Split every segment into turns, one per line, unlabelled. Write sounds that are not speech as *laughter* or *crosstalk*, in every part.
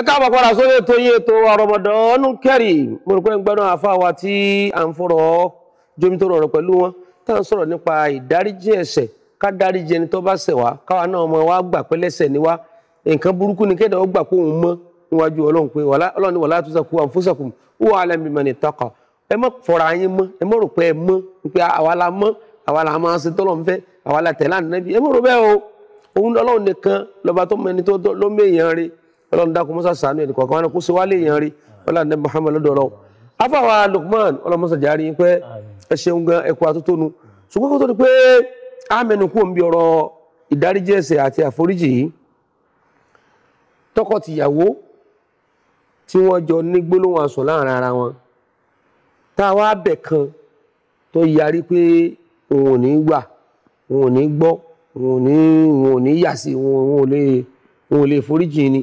ẹ káàbọ̀ padà sórí ètò yín ètò Ramadan Kareem mo rò pé ń gbẹ́nu àfáwà tí à ń fọ̀rọ̀ jomi tó rọrọ̀ pẹ̀lú wọn tá à ń sọ̀rọ̀ nípa ìdáríjì ẹ̀ṣẹ̀ ká dáríjì ẹni tó bá ṣẹ̀ wá káwa náà ọmọ wa gbà pé lẹ́ṣẹ̀ ni wá nǹkan burúkú ni kéde ó gbà pé òun mọ́ níwájú ọlọ́run pé ọlọ́run ni wala tuzakku anfusakum huwa a'lamu biman ittaqa ẹ má fọ̀rọ̀ ń ṣe tọ́lọ̀ ọlọ́run dákun mọ́sá sànú ẹnì kọ̀ọ̀kan wọn kó ṣe wálé èèyàn rí ọlọ́run ní Muhammad lọ́dọ̀ ọlọ́run afáwa Lukman ọlọ́run mọ́sá járí pé ẹ ṣeun gan ẹkọ àtótónu ṣùgbọ́n kó tó di pé amẹnu kú òun bí ọ̀rọ̀ ìdáríjì ẹ̀ṣẹ̀ àti àforíjì yìí tọkọ tìyàwó tí wọ́n jọ ní gbólóhùn asọ̀ láàrin ara wọn táwa bẹ̀ kan tó yarí pé òun ò ní wà òun ò ní gbọ́ òun ò ní yà sí òun ò lè foríjì ni.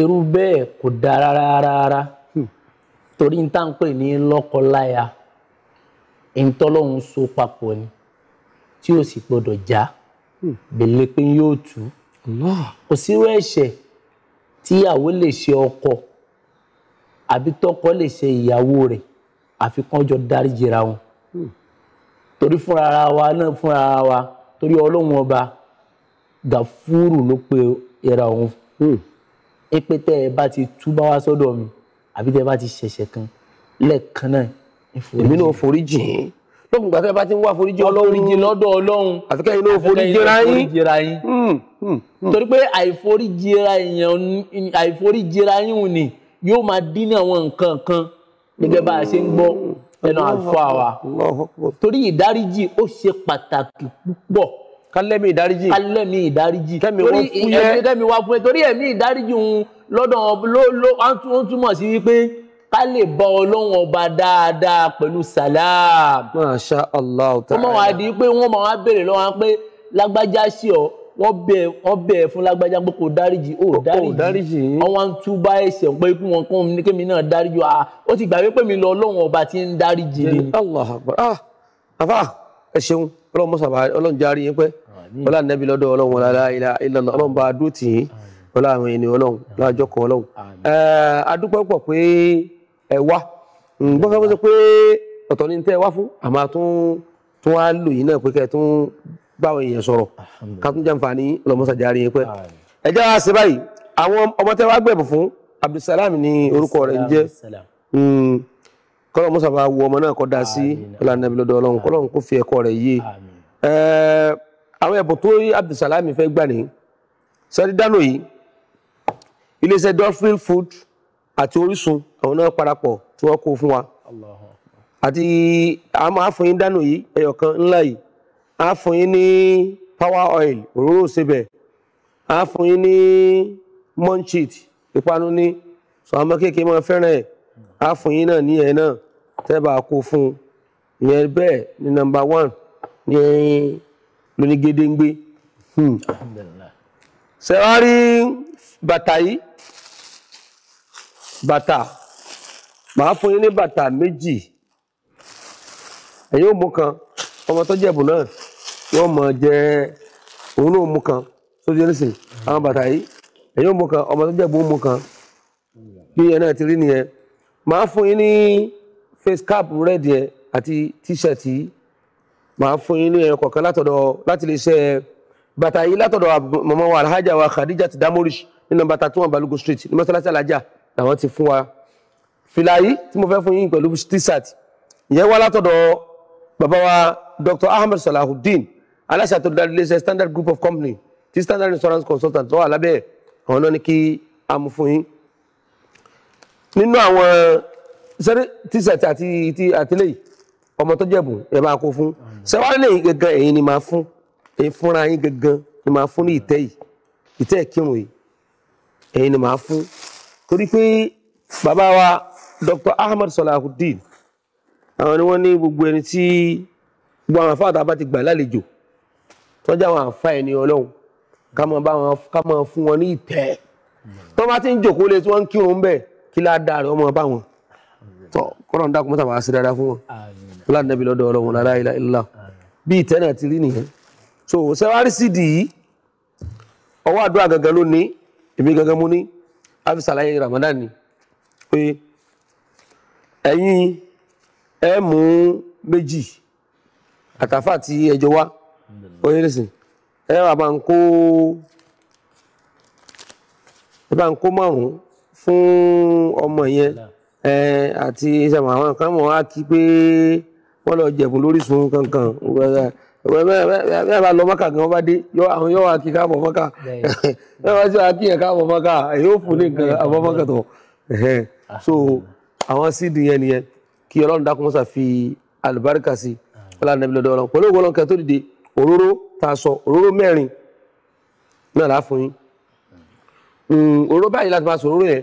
irú bẹ́ẹ̀ kò dáa rárá rárá hmm. torí n tá n pè ní lọ́kọláya ìtọ́lọ́hún so papọ̀ ni tí ó sì gbọdọ̀ já hmm. bèlè pé yóò tú kò sírú ẹ̀ṣẹ̀ tíyàwó lè ṣe ọkọ àbí tọkọ lè ṣe ìyàwó rẹ̀ àfi kán jọ dáríjìra wọn hmm. torí fúnra wa náà fúnra wa torí ọlọ́run ọba gàfúrù ló pe ìra òun ẹ pé tẹ́ ẹ bá ti túbá wá sọ́dọ̀ mi àbí tẹ́ ẹ bá ti ṣẹ̀ṣẹ̀ kan
lẹ́ẹ̀kan náà èmi náà forí jìn ín lókun gbàtẹ́ bá ti ń wá foríjì ọlọ́run lọ́dọ̀
ọlọ́run àfikẹ́ inú foríjìra yín
hmm, hmm,
hmm. torí pé àìforíjìra yẹn àìforíjìra yín ni yóò máa dín ní àwọn nǹkan kan gẹ́gẹ́ bá a ṣe ń gbọ́ ẹnu àlùfáà wa torí ìdáríjì ó ṣe pàtàkì púpọ̀ kálẹ́mì ìdáríjì kálẹ́mì ìdáríjì kẹ́mi wọ́n fún yẹ kẹ́mi wá fún yẹ torí ẹ̀mí ìdáríjì ń lọ́dọ̀ ó túmọ̀ sí wípé ká lè bá ọlọ́run ọba dáadáa pẹ̀lú salam. masha allah ta'ala. ó mọ̀ wá di pé wọ́n máa wá béèrè lọ́wọ́ pé lágbájá sí ọ wọ́n bẹ̀ wọ́n bẹ̀ fún lágbájá pé kò dáríjì ó dáríjì àwọn à ń túbá ẹ̀ṣẹ̀ pé kí wọ́n kún ní kémi náà dáríjì ó ó ti gbàgbé pé mi lọ
ọlọ́run ọba ti ń dáríjì ni. allah akbar ah àbá ẹ ṣeun ọlọ́run mọ́sàbà ọlọ́run járí yín pẹ́ ọlọ́run nẹ́bí lọ́dọ̀ ọlọ́run la ilaha illallah ọlọ́run bá a dúró tì yín ọlọ́run àwọn ènìyàn ọlọ́run láàjọ kan ọlọ́run. adúpẹ́ pọ̀ pé ẹ wá gbọ́n fẹ́ fẹ́ pé ọ̀tọ̀ ni tẹ́ ẹ wá fún àmọ́ tún tún wá lò yín náà pé kẹ́ ẹ tún bá àwọn èèyàn sọ̀rọ̀ ká tún jàǹfààní ọlọ́run mọ́sàbà járí yín pẹ́. ẹ jẹ́ wá sí báyìí àwọn ọmọ tẹ́ wá gbẹ̀bù fún Abdulsalam ni orúkọ rẹ̀ ń jẹ́ kọ́lọ̀ musa bá wọ ọmọ náà kọ́ da sí ọlànàbí lọ́dọ̀ ọlọ́run kọ́lọ̀ kó fi ẹ̀kọ́ rẹ̀ yé àwọn ẹ̀bùn tó Abdulsalami fẹ́ gbà ní sẹ́dí dánù yìí iléeṣẹ́ dolphin food àti Orísun àwọn náà parapọ̀ tí wọ́n kó fún wa àti àmọ́ àfọyín dánù yìí ẹyọkan ńlá yìí àfọyín ní power oil òróró òsebẹ̀ àfọyín ní munchit ìpanu ní sọ àwọn ọmọ kéèké máa fẹ́ràn ẹ̀ àfọyín náà ní ẹ̀ náà tẹ́ bá kó fún un ìyẹn bẹ́ẹ̀ ni nọ́mbà one ní lónígédéńgbé ṣe wá rí bàtà yìí bàtà màá fún yín ní bàtà méjì ẹ̀yin ò mú kan ọmọ tó jẹ̀bù náà yóò mọ̀ jẹ́ òun náà mú kan tó ti rí sí àwọn bàtà yìí ẹ̀yin ò kan ọmọ tó jẹ̀bù kan bí ẹ náà ti rí nìyẹn màá fún yín ní. face cap red yẹn àti t-shirt yìí màá fún yín ní ẹyọ kọ̀ọ̀kan látọ̀dọ̀ láti lè ṣe bàtà yìí látọ̀dọ̀ màmá wa alhaja wa khadija ti damorish nínú bàtà tí wọ́n balógun street ní mọ́sálásí alájà làwọn ti fún wa fìlà yìí tí mo fẹ́ fún yín pẹ̀lú t-shirt ìyẹn wá látọ̀dọ̀ bàbá wa dr ahmed salahuddin aláṣà tó darí iléeṣẹ́ standard group of company ti standard insurance consultant tó wà lábẹ́ àwọn náà ní kí a mú fún yín nínú àwọn sẹ́rí tíṣẹ̀tì àti ti àtìlẹ́yìn ọmọ tó jẹ̀bùn ẹ bá kó fún sẹ́wárí lẹ́yìn gangan ẹ̀yin ni máa fún ẹ̀yin fúnra yín gangan ni máa fún ní ìtẹ́ yìí ìtẹ́ ìkírun yìí ẹ̀yin ni máa fún torí pé bàbá wa Dr. Ahmed Salahuddin àwọn ni wọ́n ní gbogbo ẹni tí gbogbo àwọn àfáà tàbá ti gbà lálejò tọ́jà àwọn àfáà ẹni ọlọ́run ká máa bá wọn ká máa fún wọn ní ìtẹ́ tó bá ti ń jòkó lé tí wọ́n ń kírun bẹ́ẹ̀ kí ládàá rẹ̀ ọmọ bá wọn tọ́ kọ́nà dákun mọ́tà máa ṣe dára fún wọn fúlàní nàbí lọ́dọ̀ ọlọ́run lára ilá ilá bí ìtẹ́ ti rí nìyẹn so sẹ́wárí cd yìí ọwọ́ àdúrà gangan ló ní èmi gangan mo ní afisalaye ramadan ni pé ẹ̀yin ẹ mú méjì àtàfà tí ẹjọ wá oyè lẹ́sìn ẹ wà bá ń kó ẹ bá ń kó márùn-ún fún ọmọ yẹn àti ìṣàmù àwọn kan mọ̀ wá kí pé wọ́n lọ jẹ̀bùn lórísun kankan bẹ́ẹ̀ bá lọ mọ́kà gan bá dé àwọn yóò wá kí káàbọ̀ mọ́kà bẹ́ẹ̀ bá sì wá kí yẹn káàbọ̀ mọ́kà yóò fún ní nǹkan àbọ̀ mọ́kà tó so àwọn síìdì yẹn nìyẹn kí ọlọ́run dákun sà fi àlùbáríkà sí ọlọ́run nàbí lọ́dọ̀ ọlọ́run pẹ̀lú ògbọ́n kẹtó dìde òróró tá a sọ òróró mẹ́rin náà láfún yín òróró báyìí láti máa sọ òróró yẹn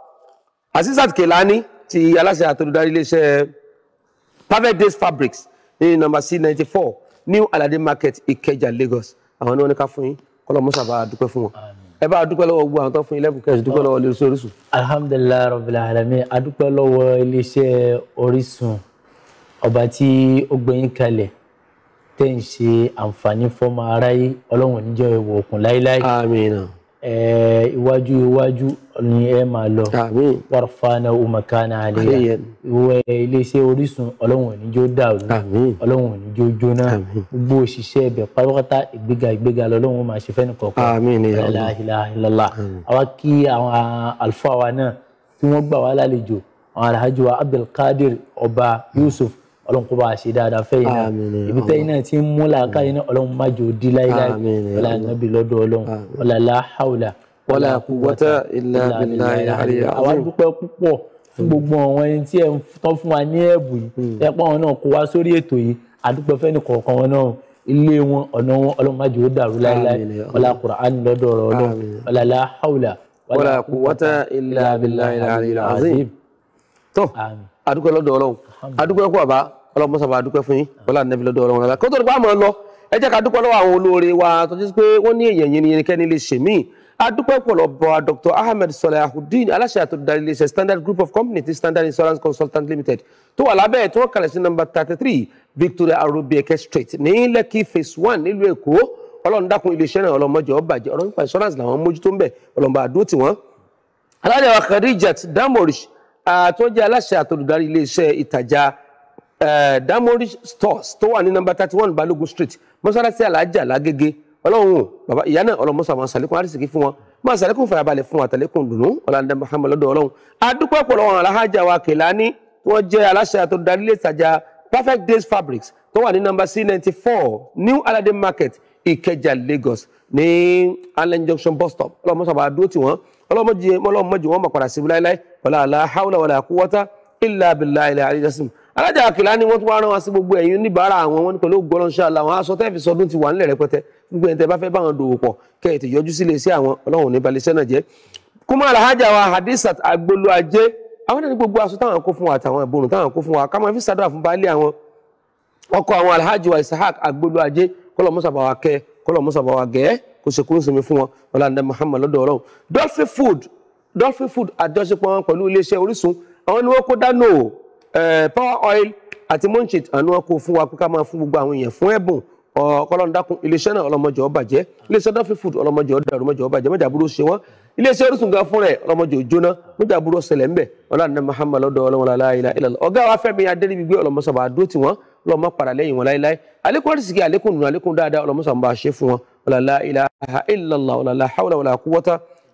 Azizat Kelani ti aláṣẹ àtọ́dúdarí iléeṣẹ́ perfect days fabrics ní nọ́mbà c ninety four new alade market Ikeja, Lagos àwọn ní wọn ní ká fún yín kọlọ musa bá a dúpẹ́ fún wọn ẹ bá a dúpẹ́ lọ́wọ́ gbogbo àwọn tó fún yín lẹ́bùn kẹsì dúpẹ́ lọ́wọ́ lórí Orísun.
alhamdulilayi rabil alamin a dúpẹ́ lọ́wọ́ iléeṣẹ́ Orísun ọba tí ó gbẹ̀yìn kalẹ̀ tẹ́ ń ṣe àǹfààní fọ́mọ aráyé ọlọ́run níjọ́ ìwọ̀ òkun láíláí. amiina iwájú iwájú ni ẹ máa lọ wàrfàánà umakana àlẹyà ìwé iléeṣẹ́ Orísun Ọlọ́run oníjó dàrú Ọlọ́run oníjó jóná gbogbo òṣìṣẹ́ ibẹ̀ pátápátá ìgbéga ìgbéga lọ́lọ́run máa ṣe fẹni kọ̀ọ̀kan ìlàlá àwa kí àwọn àlùfáà wa náà tí wọ́n gbà wá lálejò àwọn alhaji wa Abdulkadir Ọba Yusuf ọlọ́run kó bá a ṣe dáadáa fẹ́ yìí náà ibi tẹ́yìn náà ti ń mú làákàyè náà ọlọ́run má jò di láíláí ọlá ànábì lọ́dọ̀ ọlọ́run ọlá láhàwùlà. wala quwwata illa billahi àríyá. àwa dúpẹ́ púpọ̀ fún gbogbo àwọn ẹni tí ẹ ń tán fún wa ní ẹ̀bùn yìí hmm. ẹ pọ́n wọn náà kó wá sórí ètò yìí àdúpẹ́ fẹ́ni kọ̀ọ̀kan wọn náà ilé wọn ọ̀nà wọn ọlọ́run má jò dàrú láíláí ọlá Kùránì lọ́dọ̀ ọlọ́run ọlá láhàwùlà
adúpẹ́ kú bàbá ọlọ́mọ sábà adúpẹ́ fún yín wọn láti nẹ́bí lọ́dọ̀ ọlọ́mọ sábà kó tó nípa àmọ́ lọ ẹ jẹ́ ká dúpẹ́ lọ́wọ́ àwọn olóore wa tó ti pé wọ́n ní èèyàn yìí ni kẹ́ni lè ṣe mí adúpẹ́ pọ̀lọ́bọ̀ Dr Ahmed Salahudeen aláṣẹ àtòdarí iléeṣẹ́ Standard Group of Company ti Standard Insurance Consultant Limited tó wà lábẹ́ tí wọ́n kalẹ̀ sí nọ́mbà thirty three Victoria Arobieke Street ní Lekki phase one nílùú Èkó ọlọ́run dákun iléeṣẹ́ náà ọlọ́mọjọ́ ọbàjẹ́ ọ̀rọ̀ nípa insurance làwọn mójútó ń bẹ̀ ọlọ́mọba àdúró tiwọn. aláàdé wa Khadijat Damorish tó jẹ́ aláṣẹ àtolùdarí iléeṣẹ́ ìtajà Damori Stores tó wà ní nọ́mbà thirty one Balogun Street mọ́sálásí alájà lágége ọlọ́run bàbá ìyá náà ọlọ́mọ́sá máa ṣàlékún àrísìkí fún wọn máa ṣàlékún fàyàbalẹ̀ fún àtàlékún dùnú ọ̀làǹdà Muhammad lọ́dọ̀ ọlọ́run adúpọ̀ ọ̀pọ̀lọpọ̀ aláhájà wa Kèlání wọ́n jẹ́ aláṣẹ àtolùdarí ilé ìtajà Perfect Days Fabrics tó wà ní nọ́mbà c ninety four New Alade Market Ìkẹjà Lagos ní Allen Junction bus stop ọlọ́mọ́sá bá dúró tì wọ́n ọlọ́mọ́jì wọn mọ̀ padà síbi láéláé wala la hawla wala quwwata illa billahi ilẹ̀ àríjẹsìn alájà àkìlá ni wọ́n tún wá rán wa sí gbogbo ẹ̀yin oníbàárà àwọn wọn ní pẹ̀lú ògbọ́n ṣá làwọn aṣọ tẹ́ẹ̀fì sọdún ti wà nílẹ̀ rẹpẹtẹ gbogbo ẹ̀yin tẹ́ bá fẹ́ bá wọn dòwò pọ̀ kẹ́ ẹ̀ tẹ̀ yọjú sílé sí àwọn ọlọ́run ní balẹ̀ṣẹ́ náà jẹ́ kúmọ̀ alhaja wa hadisat agbolu ajé àwọn náà ní gbogbo aṣọ táwọn kó fún wa àtàwọn ìborùn táwọn kó fún wa ká máa fi sàdúrà fún baálé àwọn ọkọ àwọn alhaji wa isahak agbolu ajé kọlọ̀ mọ́sàbà wa kẹ́ kọlọ̀ mọ́sàbà wa gẹ́ kó ṣe kúrò sinmi fún wọn ọlá ndé muhammad lọ́dọ̀ ọlọ́run dọ́fí food dolphin food àjọṣepọ̀ wọn pẹ̀lú iléeṣẹ́ orísun àwọn ni wọ́n kó dánù power oil àti monchit àni wọn kó fún wa pé ká máa fún gbogbo àwọn èèyàn fún ẹ̀bùn ọkọlọ́ndàkùn iléeṣẹ́ náà ọlọ́mọjọ́ bàjẹ́ iléeṣẹ́ dolphin food ọlọ́mọjọ́ dàrú mọ́jọ́ bàjẹ́ mọ́jà burú ṣe wọ́n iléeṣẹ́ orísun gan fúnra ẹ̀ ọlọ́mọjọ́ jóná mọ́jà burú ṣẹlẹ̀ ńbẹ̀ ọlọ́run mahama lọ́dọ̀ ọlọ́run aláìlá ìlàlọ́ ọ̀gá wa fẹ́mi adẹ́rìbígbé ọlọ́mọṣọ́ba àdó tiwọn ọlọ́mọ padà lẹ́yìn wọn láíláí àlékún àrísìkí àlékún nù àlékún dáadáa ọlọ́mọṣọ́ba ṣe fún wọn ọlọ́lá ilaha illallah ọlọ́lá hawla wàlá kúwọ́tà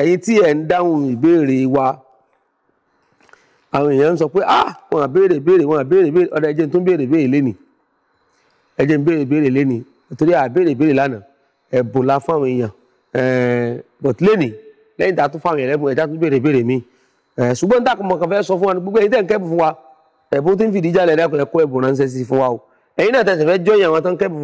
ẹ̀yin tí ẹ̀ ń dáhùn ìbéèrè wa àwọn èèyàn ń sọ pé ah wọn à béèrè béèrè wọn à béèrè béèrè ọ̀dà ẹ̀jẹ̀ tó ń béèrè béèrè lẹ́nì ẹ̀jẹ̀ ń béèrè béèrè lẹ́nì torí à béèrè béèrè lánàá ẹ̀bùn la fún àwọn èèyàn but lẹ́nì lẹ́yìn tá a tún fún àwọn èèyàn lẹ́bùn ẹ̀já tún béèrè béèrè mi ṣùgbọ́n tá a kò mọ̀ kàn fẹ́ sọ fún wa gbogbo ẹ̀yin tẹ̀ ń kẹ́bù fún wa ẹ̀bùn tó ń fìdí jálẹ̀ ẹ̀dá kò ẹ̀bùn ránṣẹ́ sí fún wa o ẹ̀yin náà tẹ̀sẹ̀ fẹ́ jọyìn àwọn tó ń kẹ́bù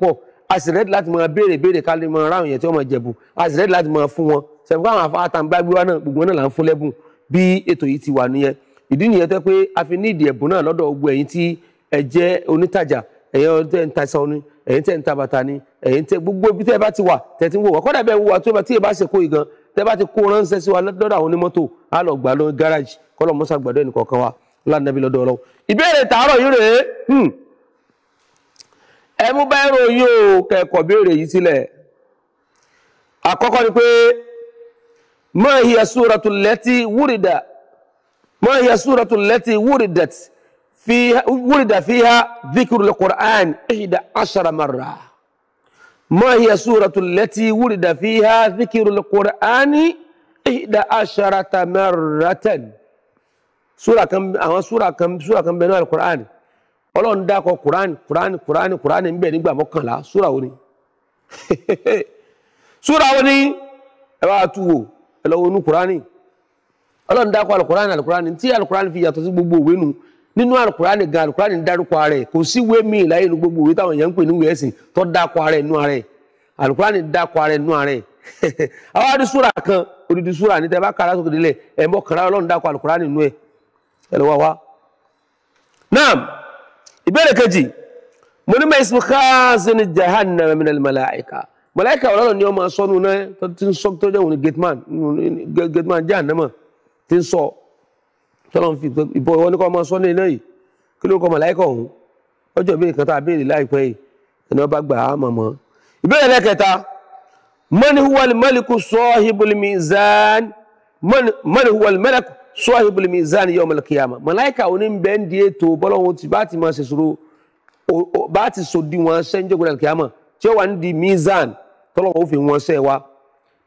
fún a sì rẹ́dí láti máa béèrè béèrè ká lè máa ráhùn yẹn tí wọ́n máa jẹ̀bù a láti máa fún wọn sẹ̀fún káwọn afáàtàǹgbágbé wa náà gbogbo náà là ń fún lẹ́bùn bí ètò yìí ti wà nìyẹn ìdí nìyẹn tó pé a fi ní ìdí ẹ̀bùn náà lọ́dọ̀ gbogbo ẹ̀yin tí ẹ jẹ́ onítajà ẹ̀yin tẹ́ ń ta aṣọ ni ẹ̀yin tẹ́ ń ta bàtà ni ẹ̀yin tẹ́ gbogbo ibi tẹ́ ẹ bá ti wà tẹ́ ti ń wò wá kọ́dà bẹ́ẹ̀ wò ẹ mú báírò yóò kẹ́kọ̀ọ́ béèrè yìí sílẹ̀ àkọ́kọ́ ni pé ma hiya suratul lati wúrìdà ma hiya suratul lati wúrìdàt wúrìdà fiha dhikrul Qur'an ihda ashara marra ma hiya suratul lati wúrìdà fiha dhikrul Qur'an ihda ashara marratan súra kan àwọn súra kan súra ọlọ́run dákọ̀ kùránì kùránì kùránì kùránì ń bẹ nígbà mọ́kànlá súra wo ni *laughs* súra wo ni ẹ bá tu wò ẹ lọ wo inú kùránì ọlọ́run dákọ̀ alukùránì alukùránì tí alukùránì fi yàtọ̀ sí gbogbo òwe nu nínú alukùránì gan alukùránì dárúkọ ara ẹ̀ kò sí ìwé míì láyé nu gbogbo òwe táwọn èèyàn ń pè ní ìwé ẹ̀sìn tó dákọ̀ ara ẹ̀ nú ara ẹ̀ alukùránì dákọ̀ ara ẹ̀ nú ara ẹ̀ àwọn adi súra kan odidi súra ní tẹ́ bá kára sókè délẹ̀ ẹ̀ mọ́kànlá ọlọ́run dákọ̀ alukùránì nú ẹ̀ ẹ̀ lọ́wọ́ wa. naam ìbéèrè kejì mo ní mẹ́sìn káàzínì jahannama min al-malaika màláìka ọ̀rọ̀ ni ọmọ sọ́nu náà tí ń sọ tó jẹ́ òun gateman gateman jahannama tí ń sọ tọ́lọ́ fi ìbọn ìwọ ní kọ́ ọmọ sọ́nu iná yìí kí ló ń kọ́ màláìka ọ̀hún ọjọ́ ìbéèrè kan tá a béèrè láìpẹ́ yìí ẹni ọba gbà á mọ̀mọ́ ìbéèrè lẹ́kẹta mọ́ni huwal maliku sahibul mọ́ni huwal sọ́ọ́hìbìlì mizan yawmal qiyama màláìka òní ń bẹ́ẹ̀ ń di ètò bọ́lọ́hún ti bá ti máa ṣe sòro bá ti sòdi wọn ṣẹ́ ń jẹ́gbẹ̀rẹ̀ kíámà tí ó wà ní di mizan tọ́lọ́hún ó fi wọn ṣẹ́ wa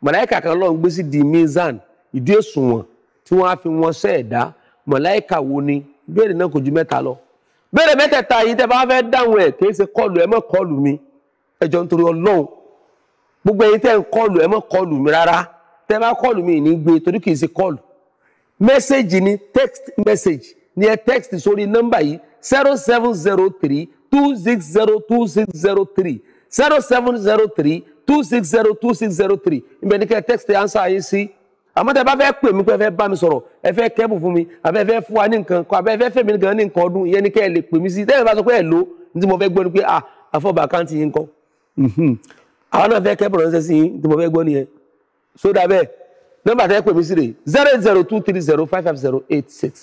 màláìka kan lọ́n gbé sí di mizan ìdí òṣùwọ̀n tí wọ́n á fi wọn ṣẹ́ ẹ̀dá màláìka wo ni náà kò ju mẹ́ta lọ béèrè mẹ́tẹ̀ẹ̀ta yìí tẹ́ bá dáhùn ẹ̀ kì í ṣe kọlù ẹ má mi ẹ jọ̀ọ́ nítorí Ọlọ́run gbogbo ẹ̀yin tẹ́ ń kọlù ẹ má mi rárá tẹ́ bá kọlù mi ní gbé e torí kì í ṣe Message ni text message ni ẹ text sórí nọ́mbà yìí zero seven zero three two six zero two six zero three zero seven zero three two six zero two six zero three ibẹ̀ ni kẹ́ ẹ text answer yín sí àmọ́ tẹ́ bá fẹ́ pè mí pé ẹ fẹ́ bá mi sọ̀rọ̀ ẹ fẹ́ kẹ́bù fún mi àbẹ́ ẹ fẹ́ fún wa ní nǹkan kọ́ àbẹ́ ẹ fẹ́ fẹ́ mi gan ní nǹkan ọdún ìyẹn ni kẹ́ ẹ lè pè mí sí tẹ́lẹ̀ bá sọ pé ẹ lò ní tí mo fẹ́ gbọ́ ni pé à àfọ̀bà àkáǹtì yín kọ́ mhm. àwọn náà fẹ́ kẹ́bù ránṣẹ́ sí yín tí mo fẹ́ gbọ́ nìyẹn sódà bẹ́ẹ̀ nọ́mbà tẹ́ pè mí sí zero eight zero two three zero five five zero eight six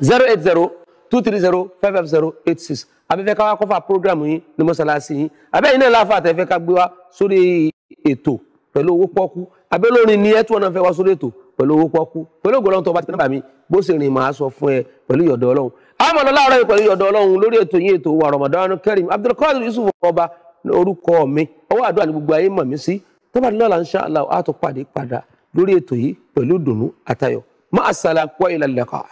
zero eight zero two three zero five five zero eight six abẹ́fẹ́ ká wá kọ́fà program yín ní yin. yín abẹ́yìn náà láfa àtẹ̀fẹ́ ká gbé wá sórí ètò pẹ̀lú owó pọ́kú abẹ́lórin ni ẹ̀ tí wọ́n náà fẹ́ wá sórí ètò pẹ̀lú owó pọ́kú pẹ̀lú ògbọ́n tó bá ti nọ́mbà mi bó ṣe rìn máa sọ fún ẹ pẹ̀lú ìyọ̀dọ̀ ọlọ́run àmọ́ lọ láàárọ̀ pẹ̀lú ìyọ̀dọ̀ ọlọ́run lórí ètò yín ètò wa Ramadan Kareem Abdulkadir Yusuf ọba orúkọ mi ọwọ́ àdúrà ní gbogbo ayé mọ̀ mí sí tó bá dé lọ́la insha Allah á tó pàdé padà lórí ètò yìí pẹ̀lú ìdùnnú àtayọ̀ máa sàlà ìlàlẹ́kọ̀ọ́.